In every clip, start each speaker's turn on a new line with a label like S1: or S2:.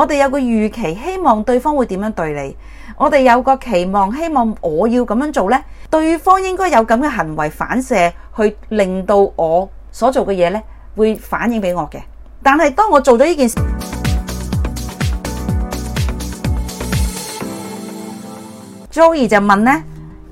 S1: 我哋有個預期，希望對方會點樣對你；我哋有個期望，希望我要咁樣做呢，對方應該有咁嘅行為反射，去令到我所做嘅嘢呢會反應俾我嘅。但係當我做咗呢件事，Joey 就問呢。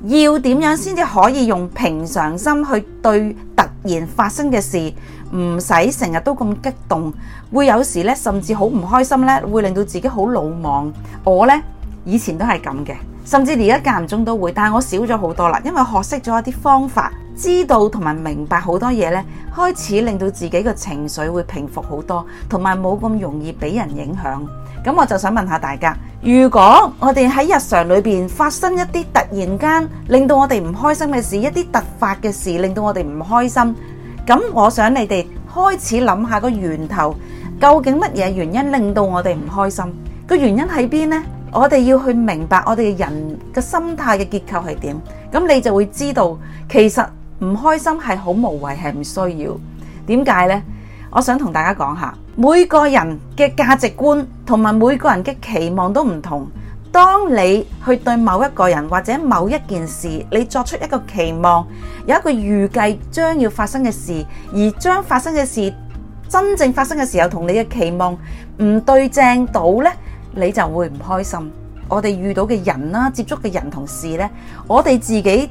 S1: 要點樣先至可以用平常心去對突然發生嘅事？唔使成日都咁激動，會有時咧甚至好唔開心咧，會令到自己好魯莽。我咧以前都係咁嘅，甚至而家間唔中都會，但係我少咗好多啦，因為學識咗一啲方法。知道同埋明白好多嘢咧，開始令到自己嘅情緒會平復好多，同埋冇咁容易俾人影響。咁我就想問下大家，如果我哋喺日常裏邊發生一啲突然間令到我哋唔開心嘅事，一啲突發嘅事令到我哋唔開心，咁我想你哋開始諗下個源頭，究竟乜嘢原因令到我哋唔開心？個原因喺邊咧？我哋要去明白我哋嘅人嘅心態嘅結構係點，咁你就會知道，其實。唔開心係好無謂，係唔需要。點解呢？我想同大家講下，每個人嘅價值觀同埋每個人嘅期望都唔同。當你去對某一個人或者某一件事，你作出一個期望，有一個預計將要發生嘅事，而將發生嘅事真正發生嘅時候，同你嘅期望唔對正到呢，你就會唔開心。我哋遇到嘅人啦，接觸嘅人同事呢，我哋自己。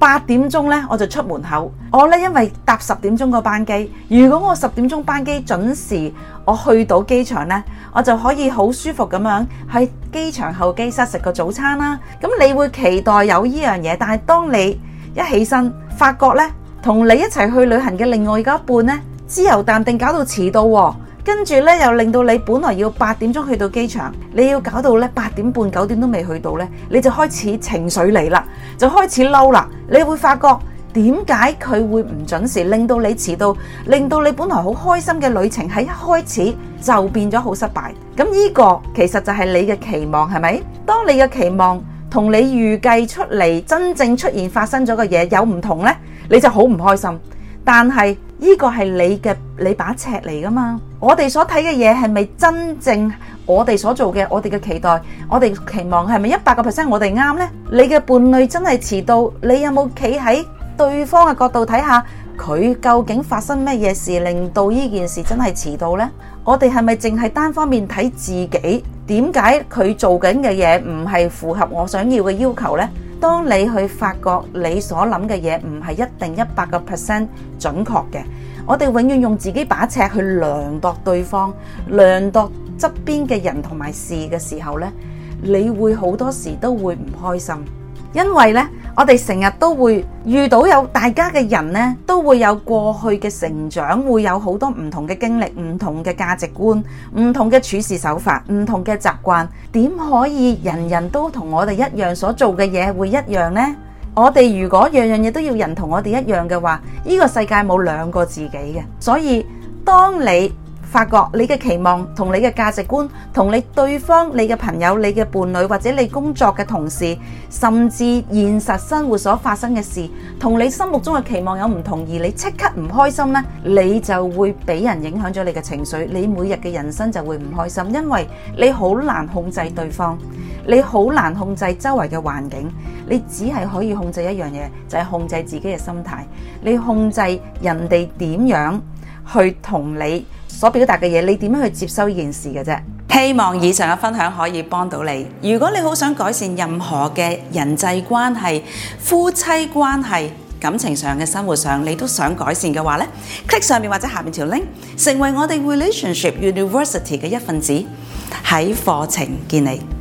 S1: 八點鐘呢，我就出門口。我呢因為搭十點鐘個班機，如果我十點鐘班機準時，我去到機場呢，我就可以好舒服咁樣喺機場候機室食個早餐啦。咁你會期待有呢樣嘢，但係當你一起身，發覺呢，同你一齊去旅行嘅另外嗰一半呢，自由淡定搞到遲到喎，哦。跟住咧，又令到你本來要八點鐘去到機場，你要搞到咧八點半、九點都未去到咧，你就開始情緒嚟啦，就開始嬲啦。你會發覺點解佢會唔準時，令到你遲到，令到你本來好開心嘅旅程喺一開始就變咗好失敗。咁呢個其實就係你嘅期望，係咪？當你嘅期望同你預計出嚟真正出現發生咗嘅嘢有唔同咧，你就好唔開心。但係，呢個係你嘅你把尺嚟噶嘛？我哋所睇嘅嘢係咪真正我哋所做嘅？我哋嘅期待，我哋期望係咪一百個 percent 我哋啱呢？你嘅伴侶真係遲到，你有冇企喺對方嘅角度睇下，佢究竟發生咩嘢事令到呢件事真係遲到呢？我哋係咪淨係單方面睇自己？點解佢做緊嘅嘢唔係符合我想要嘅要求呢？當你去發覺你所諗嘅嘢唔係一定一百個 percent 準確嘅，我哋永遠用自己把尺去量度對方、量度側邊嘅人同埋事嘅時候呢，你會好多時都會唔開心，因為呢。我哋成日都會遇到有大家嘅人呢，都會有過去嘅成長，會有好多唔同嘅經歷、唔同嘅價值觀、唔同嘅處事手法、唔同嘅習慣。點可以人人都同我哋一樣所做嘅嘢會一樣呢？我哋如果樣樣嘢都要人同我哋一樣嘅話，呢個世界冇兩個自己嘅。所以，當你發覺你嘅期望同你嘅價值觀，同你對方、你嘅朋友、你嘅伴侶或者你工作嘅同事，甚至現實生活所發生嘅事，同你心目中嘅期望有唔同，而你即刻唔開心呢，你就會俾人影響咗你嘅情緒，你每日嘅人生就會唔開心，因為你好難控制對方，你好難控制周圍嘅環境，你只係可以控制一樣嘢，就係控制自己嘅心態。你控制人哋點樣？去同你所表達嘅嘢，你點樣去接收呢件事嘅啫？希望以上嘅分享可以幫到你。如果你好想改善任何嘅人際關係、夫妻關係、感情上嘅生活上，你都想改善嘅話呢 click 上面或者下面條 link，成為我哋 Relationship University 嘅一份子，喺課程見你。